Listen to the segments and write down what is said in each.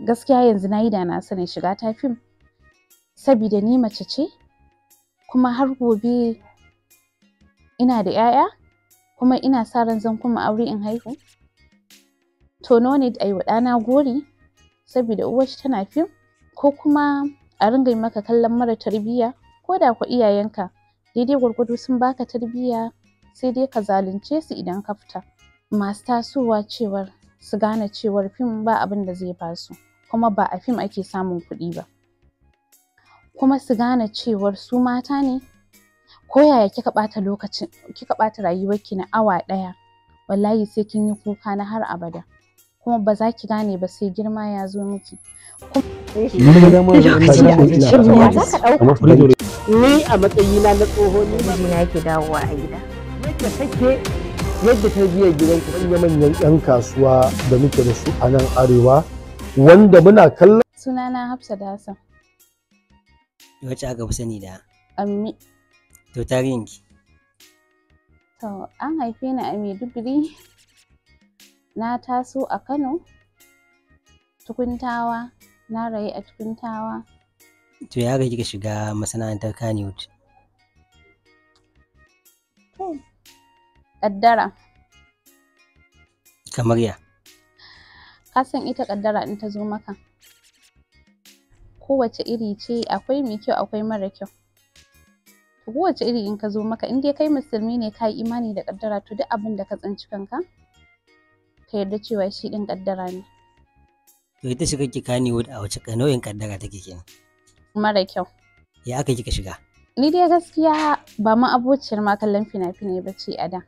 gaskiya yanzu na yi da na sanin shiga ta fim sabida ni mace ce kuma har gobe ina da 'ya'ya kuma ina sa ran zan kuma aure in haihu to no need ayi wa ɗana gori sabida uwarshi tana fim ko kuma a ringa maka kallon mara tarbiyya ko da ku iyayenka daidai gwargwado sun baka tarbiyya sai dai ka zalunce su idan ka fita masu tasowa cewar su gane cewar fim ba abin da zai basu. kuma ba a fim ake samun kuɗi ba kuma su gane cewar su mata ne ko yaya kika ɓata rayuwarki na awa ɗaya wallahi sai kin yi kuka na har abada kuma ba za ki gane ba sai girma ya zo miki ni a matsayina na tsoho ne mijina ke dawowa a gida yadda kake yadda tarbiyyar gidanku manyan 'yan kasuwa da muke da su a nan arewa wanda muna kallon sunana Hafsa da Hassan wacce aka fi sani da ammi to tarihin ki. to an haife ni a Maiduguri na taso a Kano tukuntawa na rayu a tukuntawa to ya kika shiga masana'antar Kannywood ƙaddara kamar ya ka san ita kaddara in ta zo maka kowace iri ce akwai mai kyau akwai mara kyau to kowace iri in ka zo maka in dai kai musulmi ne ka yi imani da kaddara to duk abin da ka tsinci kanka ka yarda cewa shi din kaddara ne to ita shiga ki Kannywood a wace kanoyin kaddara take kenan mara kyau ya aka kika shiga ni dai gaskiya ba ma abociyar ma kallon fina-finai ba ce a da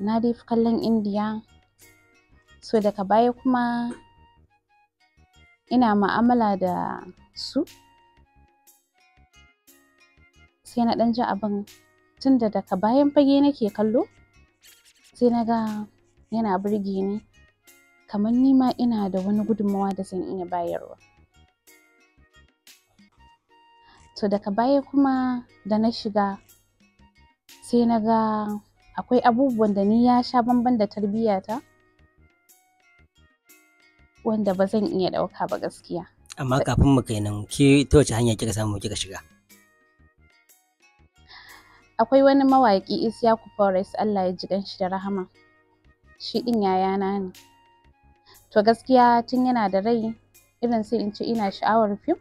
na dai fi kallon indiya so daga baya kuma ina ma'amala da su sai na ɗan ji abin tun da daga bayan fage nake kallo sai na ga yana burge ni kamar nima ina da wani gudunmawa da zan iya bayarwa to daga baya kuma da na shiga sai na ga akwai abubuwan da ni ya sha bamban da tarbiyyata wanda ba zan iya ɗauka ba gaskiya. Amma kafin mu kai nan ki ta wace hanya kika samu kika shiga? Akwai wani mawaƙi Isyaku Forest Allah ya ji shi da rahama. Shi ɗin yayana ne. To gaskiya tun yana da rai irin sai in ce ina sha'awar fim.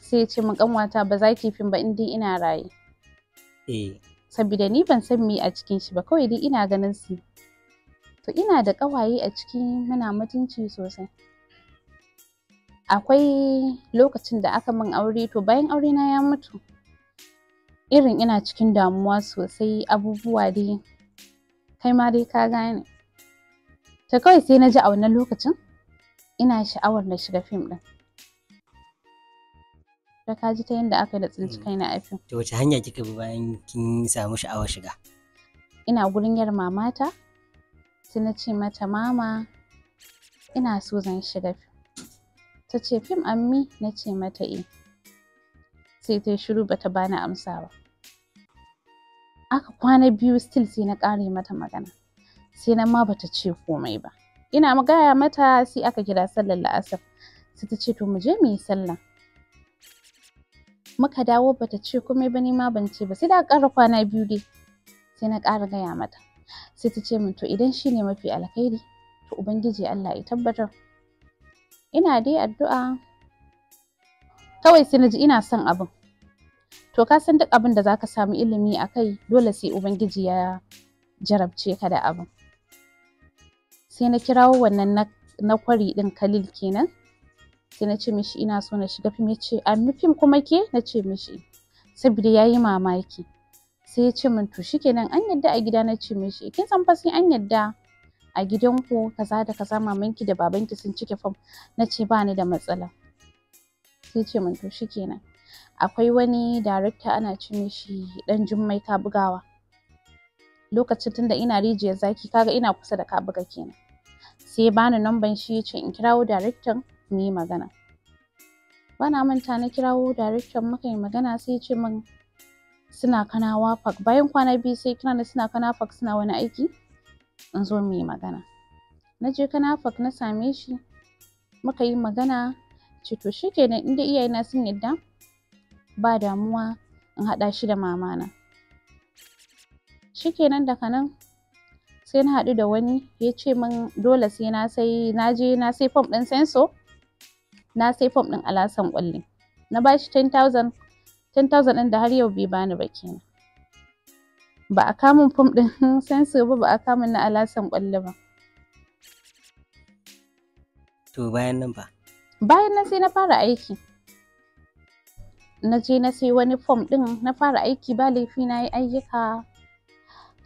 Sai ya ce min ƙanwata ba za ki fim ba in dai ina raye. Eh. Sabida ni ban san mi a cikin shi ba kawai dai ina ganin su. to ina da ƙawaye a ciki muna mutunci sosai akwai lokacin da aka min aure to bayan aure na ya mutu irin ina cikin damuwa sosai abubuwa dai kai ma dai ka gane Ta kawai sai na ji a wannan lokacin ina sha'awar na shiga fim ɗin ta ka ji ta yadda aka yi da tsinci mm. kaina a fim to wace hanya kika bi bayan kin samu sha'awar shiga ina gurin yar mamata sai na ce mata mama ina so zan shiga fim. ta ce fim ammi na ce mata e sai ta shiru bata bani amsa ba aka kwana biyu still sai na ƙare mata magana sai na ma bata ce komai ba ina magaya mata sai aka kira sallar la'asar sai ta ce to mu je mu yi sallah muka dawo bata ce komai ba ni ma ban ce ba sai da ƙara kwana biyu dai sai na ƙara gaya mata sai ta ce min to idan shi ne mafi alkhairi to ubangiji Allah ya tabbatar ina dai addu'a kawai sai na ji ina son abin to ka san duk abin da zaka samu ilimi a kai dole sai ubangiji ya jarabce ka da abin sai na kirawo wannan na kwari din kalil kenan sai na ce mishi ina so na shiga fim ya ce an fim kuma ke na ce mishi saboda ya yi mamaki sai ya ce min to shikenan an yadda a gida na ce mishi kin san fa sai an yadda a gidanku kaza da kaza mamanki da babanki sun cike fam na ce ba ni da matsala sai ce min to shikenan akwai wani darakta ana ce mishi dan jummai ka bugawa lokacin tunda ina rijiyar zaki kaga ina kusa da ka buga kenan sai bani namban shi ya ce in kirawo director mu yi magana bana manta na kirawo director muka yi magana sai ya ce min suna kanawa park bayan kwana biyu sai kira na suna kana park suna wani aiki in zo mu yi magana na je kana park na same shi muka yi magana ce to shikenan inda iyaye na sun yadda ba damuwa in haɗa shi da mamana kenan daga nan sai na haɗu da wani ya ce min dole sai na sai na je na sai fom ɗin senso na sai fom ɗin alasan ƙwalli na ba shi 10,000 10,000 ɗin da har yau bai bani ba kenan ba a kamun fom ɗin sensu ba ba a kamun na alasan ƙwallo ba to bayan nan ba bayan nan sai na fara aiki na je na sai wani fom ɗin na fara aiki ba laifi na yi ayyuka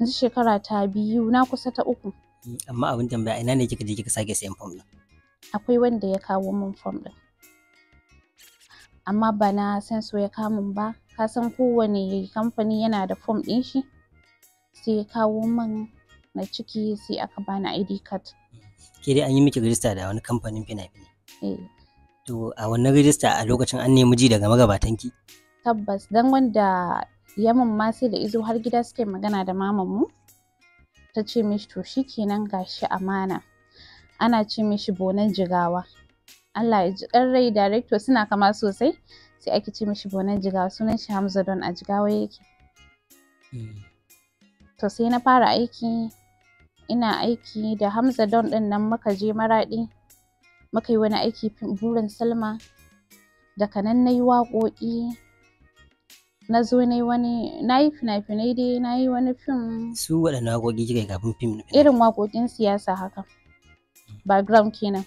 yanzu shekara ta biyu na kusa ta uku mm, amma abin tambaya ina ne kika je kika sake sayan fom ɗin akwai wanda ya kawo min fom ɗin amma ba na so ya kamun ba ka san kowane kamfani yana da fom ɗin shi sai ya kawo min na ciki sai aka bani id card ke dai an yi miki rijista da wani kamfanin fina-finai eh. to a wannan rijista a lokacin an nemi ji daga ki tabbas dan wanda yamin ma sai da izo har gida suke magana da mamanmu ta ce mishi to shi shikenan gashi amana ana ce mishi bonan jigawa Allah ya ji ɗan rai director suna kama sosai sai ake ce mishi bonan jigawa sunan shi Hamza don a jigawa yake hmm. to sai na fara aiki ina aiki da Hamza don din nan muka je maraɗi muka yi wani aiki burin Salma daga nan na yi waƙoƙi na zo na yi wani na yi fina-finai dai na yi wani fim su waɗanne waƙoƙi kika yi kafin fim irin waƙoƙin siyasa haka hmm. background kenan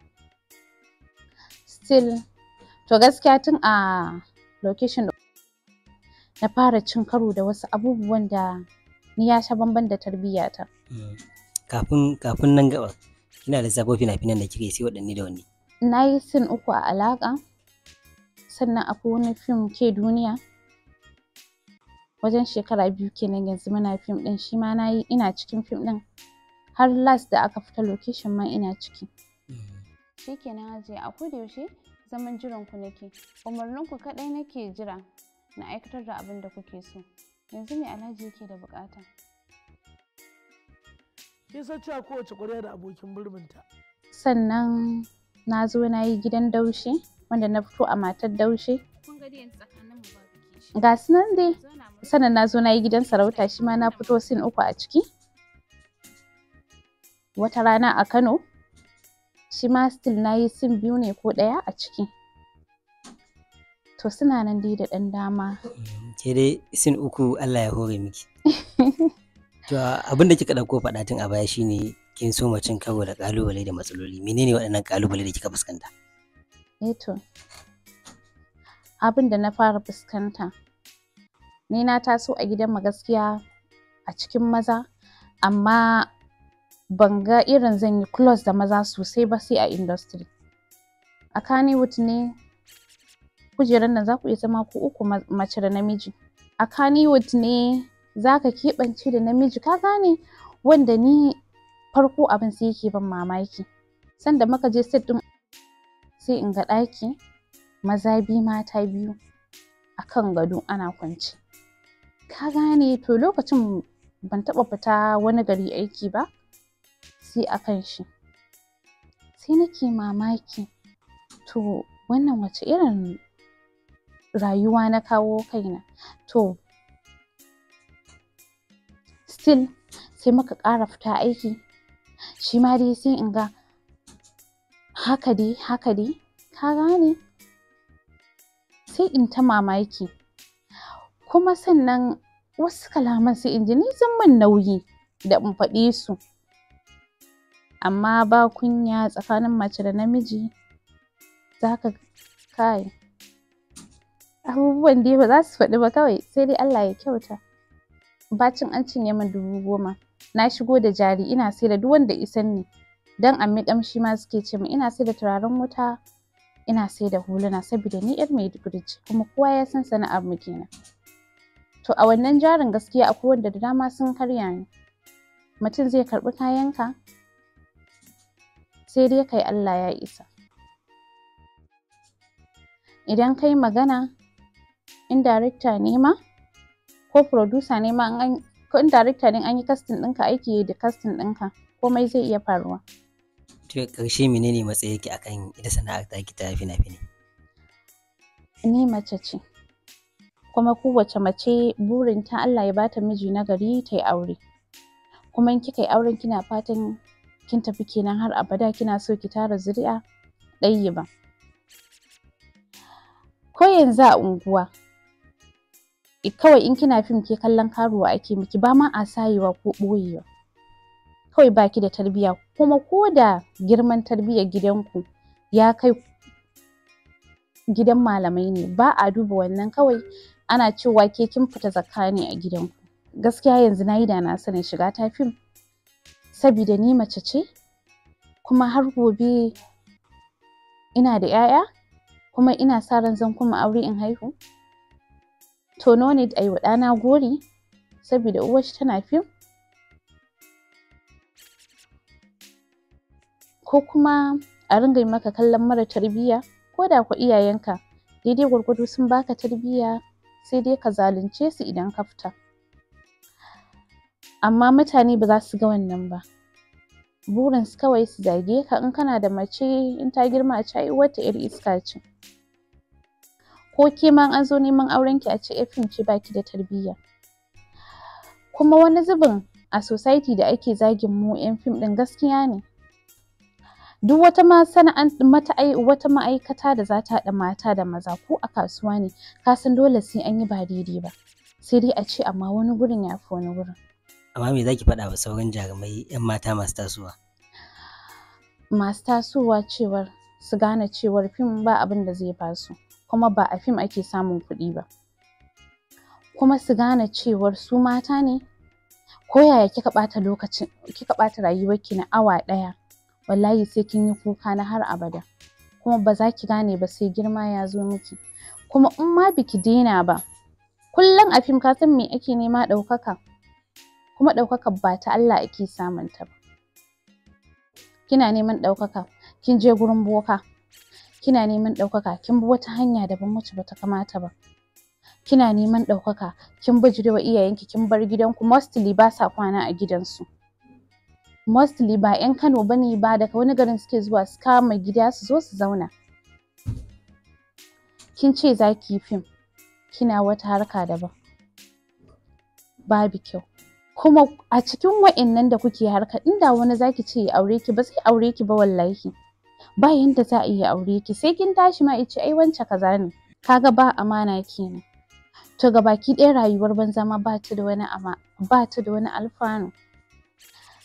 still to gaskiya tun a location na fara cin karo da wasu abubuwan da ni ya sha bamban da tarbiyyata. Mm. Kafin kafin nan gaba kina da sabo fina-finan da kike sai waɗanne da wani. Na yi sin uku a alaƙa sannan akwai wani fim ke duniya wajen shekara biyu kenan yanzu mana fim ɗin shi ma na yi ina cikin fim ɗin har las da aka fita location ma ina ciki. Mm. Shi kenan je a kudu yaushe zaman jiran ku nake umarnin ku kaɗai nake jira na aikatar da abin da kuke so yanzu ne alhaji yake da bukata kin san cewa kowace ƙwarya da abokin burbinta sannan na zo na yi gidan daushe wanda na fito a matar daushe ga su nan dai sannan na zo na yi gidan sarauta shi ma na fito sin uku a ciki wata rana a kano shi ma still na yi sin biyu ne ko ɗaya a ciki to suna nan dai da ɗan dama mm, ke dai sin uku Allah ya hore miki to abin da kika ɗauko faɗa tun a baya shine kin so cin karo da kalubale da matsaloli menene waɗannan kalubale da kika fuskanta eh to abin da na fara fuskanta ni na taso a gidan gaskiya a cikin maza amma ban ga irin zan yi close da maza sosai ba sai a industry a kannywood ne kujerar nan za ku iya zama ku uku mace da namiji a kannywood ne za ka keɓance da namiji ka gane wanda ni farko abin sai yake ban mamaki sanda muka je set ɗin sai in ga ɗaki maza biyu mata biyu a kan gado ana kwance ka gane to lokacin ban taɓa fita wani gari aiki ba Sai a kan shi sai nake mamaki to wannan wace irin rayuwa na kawo kaina to still sai muka ƙara fita aiki shi ma dai sai in ga haka dai haka dai ka gane sai in ta mamaki kuma sannan wasu kalaman sai in ji ni zan nauyi da in faɗi su amma ba kunya tsakanin mace da namiji za ka kai abubuwan dai ba za su faɗi ba kawai sai dai Allah ya kyauta bacin an cinye min dubu goma na shigo da jari ina sai da duk wanda isan ni dan ammi kamshi ma suke ce min ina sai da turaren wuta ina sai da huluna saboda ni yar mai digirci kuma kowa ya san sana'ar mu kenan to a wannan jarin gaskiya akwai wanda da dama sun karya ni mutum zai karɓi kayanka sai dai kai Allah ya isa idan kai magana in ne ma ko producer ne ma ko in darekta ne an yi casting ɗinka aiki da casting ɗinka komai zai iya faruwa to ƙarshe menene matsayi yake akan ita sana'ar ta ki ta fina-fini ni mace ce kuma kowace mace burin ta Allah ya bata miji na gari ta yi aure kuma in kika yi auren kina fatan kin tafi kenan har abada kina so ki tara zuri'a ɗaya ba ko yanzu a unguwa kawai in kina fim ke kallon karuwa ake miki ba ma a sayewa ko ɓoyewa kawai baki da tarbiyya kuma ko da girman tarbiyyar gidanku ya kai gidan malamai ne ba a duba wannan kawai ana cewa ke kin fita zakka ne a gidanku gaskiya yanzu na yi da na sanin shiga ta fim sabida ni mace ce kuma har gobe ina da 'ya'ya kuma ina sa ran zan kuma aure in haihu to no need a yi wa ɗana gori sabida shi tana fi ko kuma a ringa maka kallon mara tarbiyya ko da ku iyayenka daidai gwargwado sun baka tarbiyya sai dai ka zalunce su idan ka fita amma mutane ba za su ga wannan ba burin su kawai su zage ka in kana da mace in ta girma a ce wata iri iska ce ko ke ma an zo neman auren ki a ce efin ce baki da tarbiyya kuma wani zubin a society da ake zagin mu yan fim din gaskiya ne duk wata ma wata ma'aikata da za ta haɗa mata da maza ko a kasuwa ne kasan dole sai an yi ba daidai ba sai dai a ce amma wani gurin ya fi wani gurin amma me zaki faɗa wa sauran jarumai 'yan mata masu tasowa masu tasowa cewar su gane cewar fim ba abin da zai basu kuma ba a fim ake samun kuɗi ba kuma su gane cewar su mata ne ko yaya kika ɓata lokacin kika ɓata rayuwarki na awa ɗaya wallahi sai kin yi kuka na har abada kuma ba za ki gane ba sai girma ya zo miki kuma in ma biki daina ba kullum a fim ka san me ake nema ɗaukaka kuma ɗaukakar ba ta Allah ake samun ta ba kina neman ɗaukaka kin je gurin boka kina neman ɗaukaka kin bi wata hanya da ban ba ta kamata ba kina neman ɗaukaka kin bijirewa iyayenki kin bar gidanku mostly ba sa kwana a gidansu mostly ba 'yan Kano ba ne ba daga wani garin suke zuwa su kama gida su zo su zauna kin ce za ki yi fim kina wata harka daban babu kyau kuma a cikin wa'innan da kuke harka inda wani zaki ce ya aure ki ba sai aure ki ba wallahi ba yanda za a yi aure ki sai kin tashi ma ice ai wance kaza ne kaga ba amana kenan to ga baki ɗaya rayuwar banza ma ba ta da wani ama ba ta da wani alfanu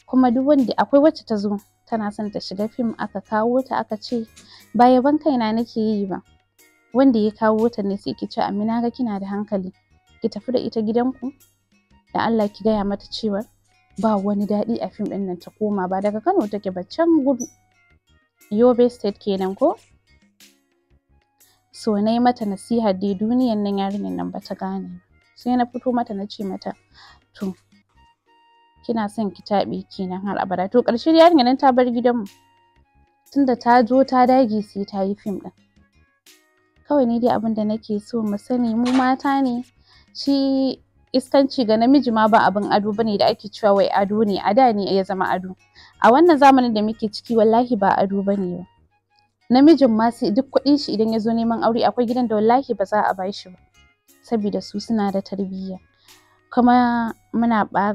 kuma duk wanda akwai wacce ta zo tana son ta shiga fim aka kawo ta aka ce ba yaban kaina nake yi ba wanda ya kawo ta ne sai ki ce amina ga kina da hankali ki tafi da ita gidanku da Allah ki gaya mata cewa ba wani daɗi a fim ɗin nan ta koma ba daga Kano take ba can gudu Yobe State kenan ko so na yi mata nasiha dai duniyan nan yarinyar nan ba ta gane sai na fito mata na ce mata to kina son ki taɓe kenan har abada to ƙarshe yarinyar nan ta bar gidanmu tunda ta zo ta dage sai ta yi fim ɗin kawai ne dai abin da nake so mu sani mu mata ne shi iskanci ga namiji ma ba abin ado bane da ake cewa wai ado ne a da ne ya zama ado a wannan zamanin da muke ciki wallahi ba ado bane ba namijin ma sai duk kuɗin shi idan ya zo neman aure akwai gidan da wallahi ba za a ba shi ba saboda su suna da tarbiyya kuma muna ba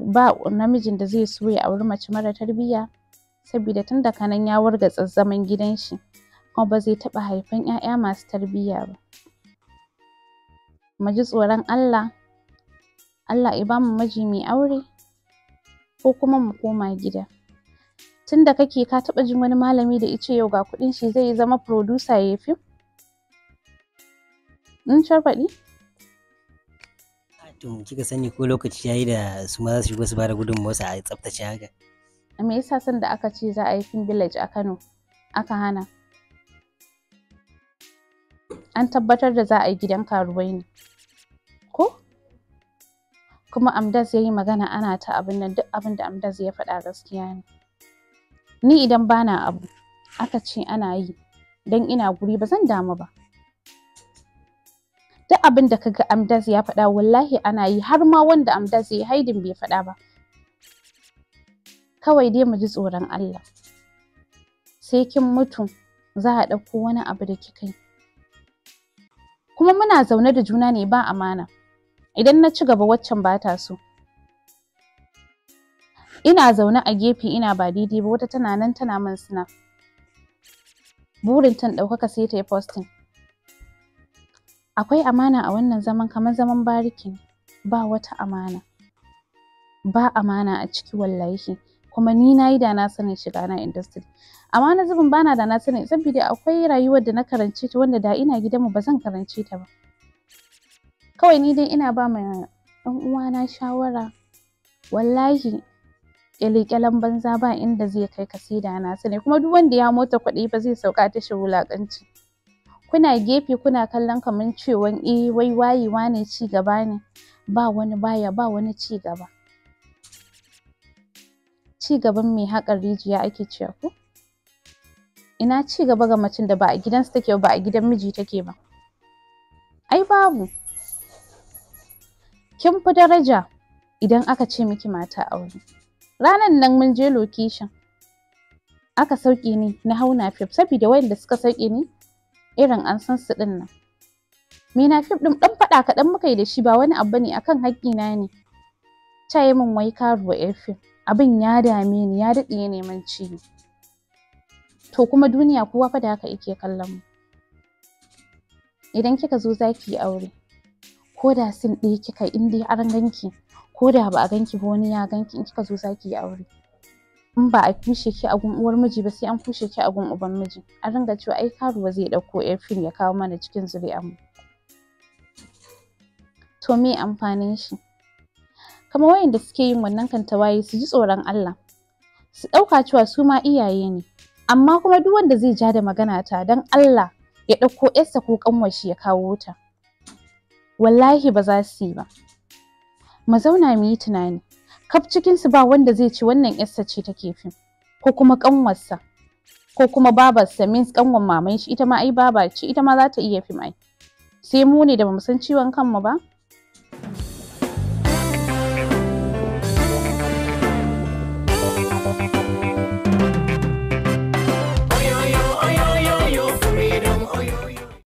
namijin da zai so ya auri mace mara tarbiyya saboda tun da kanan ya warga zaman gidan shi kuma ba zai taba haifan 'ya'ya masu tarbiyya ba mu ji tsoron Allah Allah ya bamu maji mai aure ko kuma mu koma gida tunda kake ka taɓa jin wani malami da ice yau ga kuɗin shi zai zama producer ya fi in sharfaɗi to kika sani ko lokaci yayi da su ma za su shigo su bada gudunmawar su a tsaftace haka me yasa san da aka ce za a yi fim village a Kano aka hana an tabbatar da za a yi gidan karuwai ne kuma Amdas ya yi magana ana ta abin nan duk abin da Amdas ya faɗa gaskiya ne ni idan bana abu aka ce ana yi don ina guri ba zan damu ba duk abin da kaga Amdas ya faɗa wallahi ana yi har ma wanda Amdas ya yi haidin bai faɗa ba kawai dai mu ji tsoron Allah sai kin mutu za a ɗauko wani abu da kika yi kuma muna zaune da juna ne ba amana idan na ci gaba waccan ba ta so ina zaune a gefe ina ba daidai ba wata tana nan tana min suna burin tan ɗaukaka sai ta yi posting akwai amana a wannan zaman kamar zaman bariki ba wata amana ba amana a ciki wallahi kuma ni na yi da na sanin shiga na industry amma na zubin bana da na sanin saboda akwai rayuwar da na karance ta wanda da ina gidanmu ba zan karance ta ba kawai ni dai ina ba mai ɗan uwana shawara wallahi ƙyale banza ba inda zai kai kasida na sani kuma duk wanda ya mota kuɗi ba zai sauka ta shi wulaƙanci kuna gefe kuna kallon kamar cewan e eh, wai wayewa ne ci gaba ne ba wani baya ba wani ci gaba ci gaban mai haƙar rijiya ake cewa ku? ina ci gaba ga macin da ba a gidansu take ba a gidan miji take ba ai babu kin fi daraja idan aka ce miki mata aure ranan nan mun je location aka sauƙi ni na hau na fif. saboda wayanda suka sauke ni irin an san su din nan me na fif din dan faɗa kaɗan muka yi da shi ba wani abu ne akan haƙƙina ne ta yi min wai karuwa irfin abin ya dame ni ya daɗe neman ciwo to kuma duniya kowa fa da haka yake kallon mu idan kika zo za ki yi aure ko da sin ɗaya kika in dai an ganki ko da ba a ganki ba wani ya ganki in kika zo zaki yi aure in ba a kushe ki a gun uwar miji ba sai an kushe ki a gun uban miji an ringa cewa ai karuwa zai ɗauko yar fim ya kawo mana cikin zuri'an mu to me amfanin shi kamar wayanda suke yin wannan kantawaye su ji tsoron Allah su ɗauka cewa su ma iyaye ne amma kuma duk wanda zai ja da magana ta don Allah ya ɗauko yarsa ko ƙanwar shi ya kawo ta wallahi ba za su yi ba mu zauna mu yi tunani kaf cikinsu ba wanda zai ci wannan yarsa ce take fim ko kuma ƙanwarsa, ko kuma babarsa means ƙanwar maman shi ita ma ai baba ce ita ma za ta iya fim ai sai mu ne da ba mu san ciwon kanmu ba